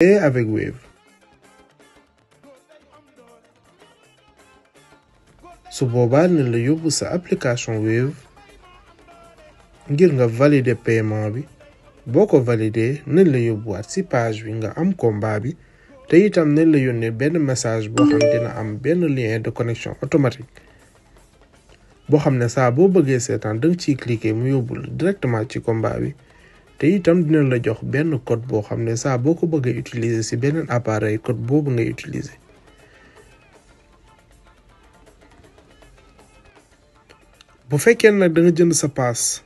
et avec Wave. su boobaa ne la yóbbu sa application Wave ngir nga valider paiement bi boo ko valider ne la yóbbuwaat ci bi nga am combat bi te itam ne la yónnee benn message boo xam dina am benn lien de connexion automatique boo xam ne saa boo bëggee seetaan danga ci cliquer mu yóbbul directement ci combat bi. te itam dina la jox benn code boo xam ne saa boo ko bëggee a utiliser ci beneen appareil code boobu ngay utiliser. bu fekkee nag da nga jënd sa paas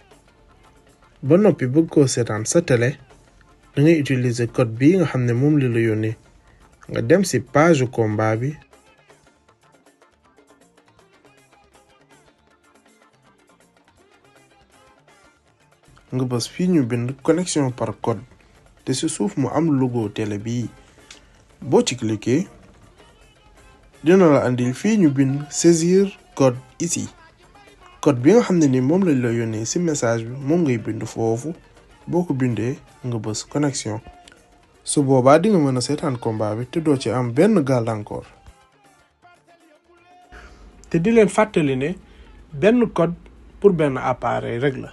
ba noppi bëgg koo seetaan sa télé da ngay utiliser code bii nga xam ne moom la la yónnee nga dem ci page combat bi. nga bës fii ñu bind connexion par code te ci suuf mu am logo télé bii boo ci cliquer dina la andil fii ñu bind saisir code ici code bi nga xam ne ni moom lañ la yónnee ci message bi moom ngay bind foofu boo ko bindee nga bës connexion su boobaa di nga mën a seetaan combat bi te doo ci am benn gàllankoor. te di leen fàttali ne benn code pour benn appareil rek la.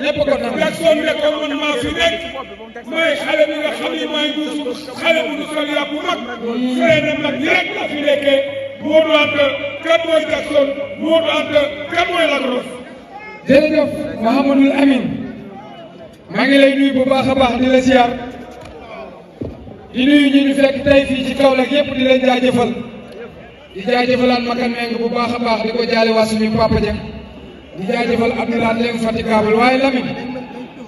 lépp ko tax Jackson ne ko man maa fi nekk mooy xale bi nga xam ne maay duusu xale bu nu sol yàpp mag fee na mag rek la fi nekkee Modou Anta kan mooy Jackson Modou Anta kan mooy Lac Rose jërëjëf Mouhamadul Amin maa ngi lay nuyu bu baax a baax di la siyaar di nuyu ñi tey fii ci Kaolack yépp di leen jaajëfal di jaajëfalaat Makan Meng bu baax a baax di ko jaale waa di jaajëfal Abdoulaye Ndeye fatigable waaye Lamine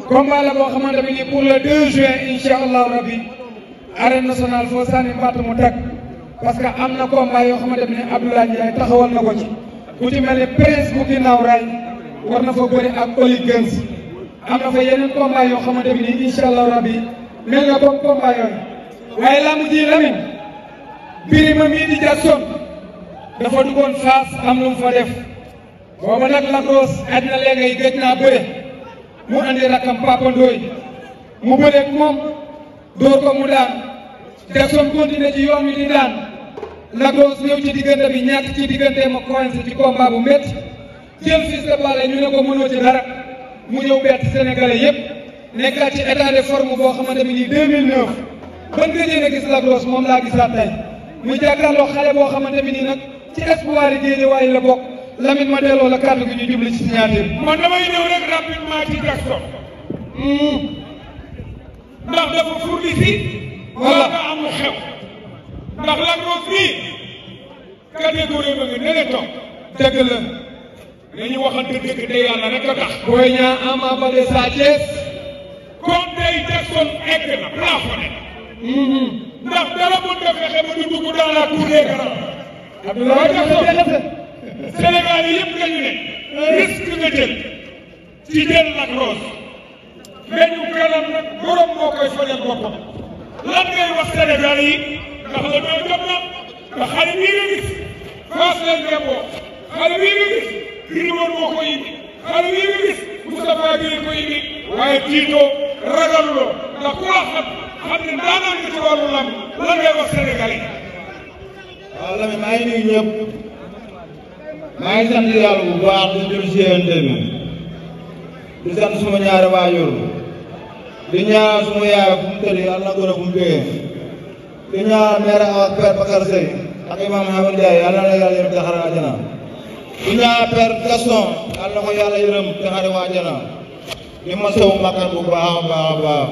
combat la boo xamante bi nii pour le 2 juin allahu rabbi arène nationale foo sànni mbatt teg parce am na combat yoo xamante bi ne Abdoulaye Ndiaye taxawal na ko ci ku ci mel ne prince bu ray war na fa bëri ak oligens am na fa yeneen combat yoo xamante bi nii incha allahu rabbi mel na comme combat yooyu waaye lamb ji Lamine Birima mii di Jackson dafa duggoon Fass am lu fa def booba nag Lac Rose aj na léegi géej naa bëre mu andi rakam Papa Ndoye mu bëreeg moom dóor ko mu daan Jackson continué ci yoon wi di daan Lac Rose ñëw ci diggante bi ñàkk ci diggante ma coincé ci combat bu métti jël Fils de Balla ñu ne ko mënoo ci dara mu ñëw bett Sénégalais yépp nekkaat ci état de forme boo xamante ni nii 2009 ban gëjee na gis Lac Rose moom laa gisaat tey mu jàkkaarloo xale boo xamante ni nii nag ci espoir yi géejewaay la bokk. Lamine ma delloo la kàddu gi ñu jubli ci signature bi. man damay ñëw rek rapidement ci Jackson. Hmm. ndax dafa furli si. wala nga amul xew. ndax Lac Rose bii catégorie ba nga nene toog. dëgg la. dañu waxante dëgg de yàlla rek a tax. Boy Niang Ama Baldé Sa Thiès. comme tey Jackson egg na plafonné. Hmm. ndax dara bu ñu defee ba ñu dugg dans la cour des grands. Abdoulaye Jackson Sénégal yëpp dañu ne risque nga jël ci jël Lac Rose meññu kanam moo koy soleel boppam lan ngay wax Sénégal yi ndax la doon jot na faas leen jàppoo xale bii nga gis moo ko indi xale bii nga gis Moustapha Guèye ko indi waaye ku la xam ne daanaka ci wàllu lamb lan ngay wax Sénégal yi. waaw Lamine maa ngi ñëpp. maa ngi sant yàlla bu baax di jël si di sant suma ñaari waajur di ñaanal suma yaay fu mu tëdd yàlla na gën a fu mu jógee di ñaanal maire ak père Bakar Sey ak imam Hamad Ndiaye yàlla na yàlla yërëm taxare di ñaanal père Gaston yàlla na ko yàlla yërëm taxare àjjana di masawu Makar bu baax a baax a baax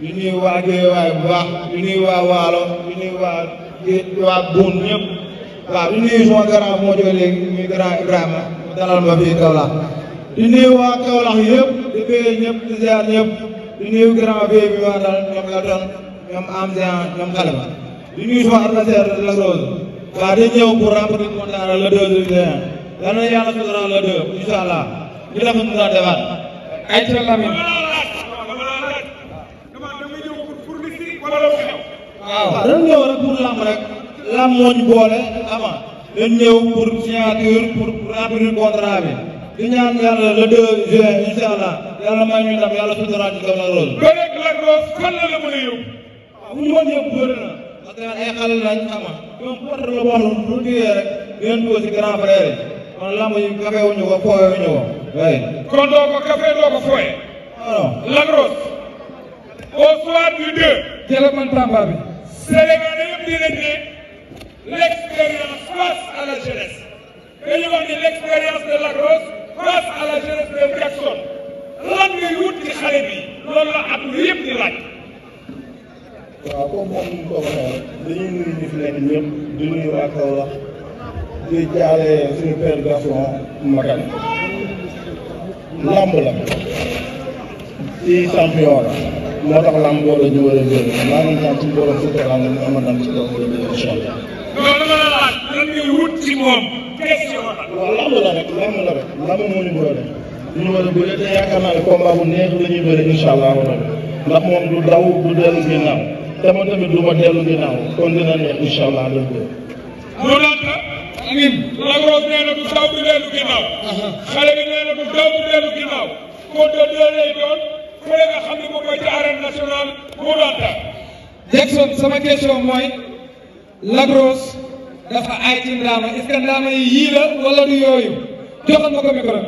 di nuyu waa Guédiawaye bu baax di nuyu waa Waalo di nuyu waa Gué waa Boune ñëpp. waaw di nuyu sama grand bu ma jógee léegi muy grand Ibrahima dalal ma fii Kaolack di nuyu waa Kaolack yëpp di béyee ñëpp di ziar di nuyu grand béy bi ma dal ñoom Elton ñoom Amzian ñoom Xalima di nuyu sama adversaire la di ñëw pour remporter mondial le deux juillet yal na yàlla suturaal le deux incha allah ñu def mu daan defaat ay ci Lamine waaw dañu ñëw rek pour lamb rek lan moo boole ama dañ ñëw pour signature pour remplir contrat bi di ñaan yàlla le 2 juin incha allah yàlla may ñu ndam yàlla suturaat ñu Lac Rose. ba la la mën a yóbbu. waaw ah, bu ñu mën yóbbu bëri na. parce que ay xale lañ ama donc porte la boo xam ne bu duggee si grand frère yi kon lamb yi kafe wuñu ko fooye wuñu ko waaye. kon fooye. Ah, non Lac Rose. au soir du 2. jëlee man Tamba bi. Sénégal yëpp dinañ ne. l'expérience face à la jeunesse dañu wax ni l'expérience de Lac Rose face à la jeunesse de Jackson lan ngay wut ci xale bi loolu la at lu yëpp di laaj. waaw comme moom ko waxee dañuy nuyu ñi fi nekk ñëpp di nuyu waa Kaolack di jaale suñu père Gaston làmb la ci champion la moo tax làmb war a ñu war a jël maa ngi ñaan si làmb ñu amal ndam ci kaw xalaat lan ngay wut bu dellu ginnaaw xale bi nee du daw du dellu ginnaaw. koo doon doon lay doon fële nga xam ne moom mooy ci arène nationale moo daan tax. sama question mooy Lagos. dafa aay ci ndaama est-ce yi yii la wala du yooyu joxoon ma ko micro bi.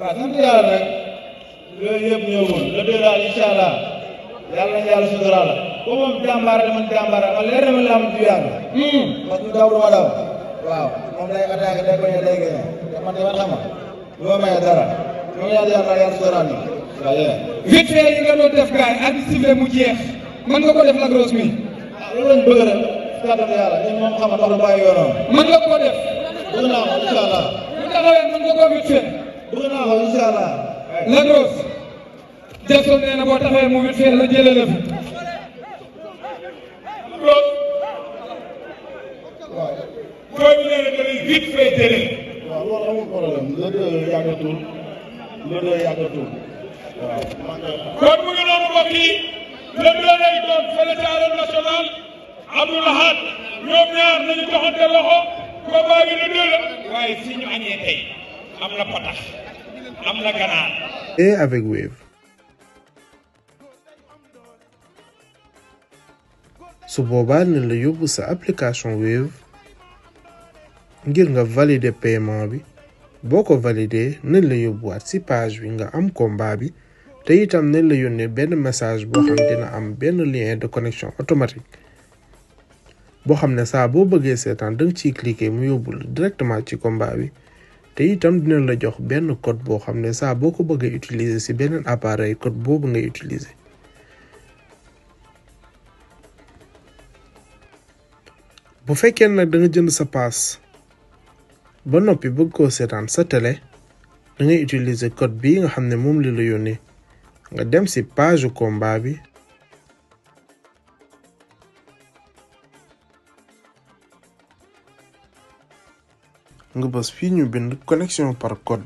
waaw sant yàlla rek yooyu yëpp ñëwul le deux daal incha allah yàlla na yàlla suturaal ko moom jàmbaar la man jàmbaar la man ma laa ma tuyaat la. parce que daw du ma daw. waaw moom day attaqué day bañ a day gañe te man dama lu ma maye dara ñoom yàlla yàlla yàlla suturaal ñu. waaye. vite fait yi nga doon def gars mu jeex mën nga ko def la grosse mi. ah loolu lañ rek. si kàddu yàlla ñun moom xam nga bàyyi yoonam. mën nga koo def. bëgg naa ko incha allah. bu taxawee mën nga koo mutué. bëgg naa ko incha allah. la gros. Jackson nee na boo taxawee mu mutué la jëlee la fi. loolu. waaw. boobu nee na dañuy vite fait jëlee. waaw loolu amul problème la dee yàggatul la dee yàggatul waaw. kon mu ngi noonu mbokk yi le doon lay doon fële ca Arène Nationale. Abdou Lahad la waaye fii ñu añee su boobaa ne la yóbbu sa application Wave ngir nga valider paiement bi boo ko validé nañ la yóbbuwaat ci page bi nga am combat bi te itam nañ la yónnee benn message boo xam dina am benn lien de connexion automatique boo xam ne saa boo bëggee seetaan danga ciy cliquer mu yóbbul directement ci combat bi te itam dina la jox benn code boo xam ne saa boo ko bëggee utiliser si benn appareil code boobu ngay utiliser. bu fekkee nag danga nga jënd sa paas ba noppi bëgg koo seetaan sa télé da ngay utiliser code bii nga xam ne moom la la yónnee nga dem si page combat bi. nga bës fii ñu bind connexion par code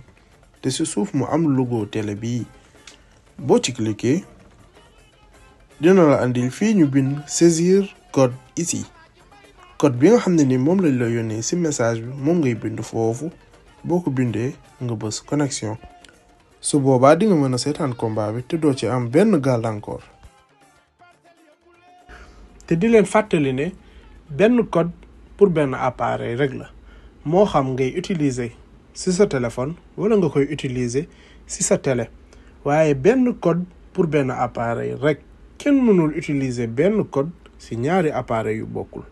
te ci suuf mu am logo télé bi boo ci cliquer dina la andil fii ñu bind saisir code ici code bi nga xam ne ni moom lañ la yónnee ci message bi moom ngay bind foofu boo ko bindee nga bës connexion su boobaa di nga mën a seetaan combat bi te doo ci am benn gàllankoor. te di leen fàttali ne benn code pour benn appareil rek la. moo xam ngay utiliser ci sa téléphone wala nga koy utiliser ci sa télé waaye benn code pour benn appareil rekk kenn mënul utiliser benn code ci ñaari appareil yu bokkul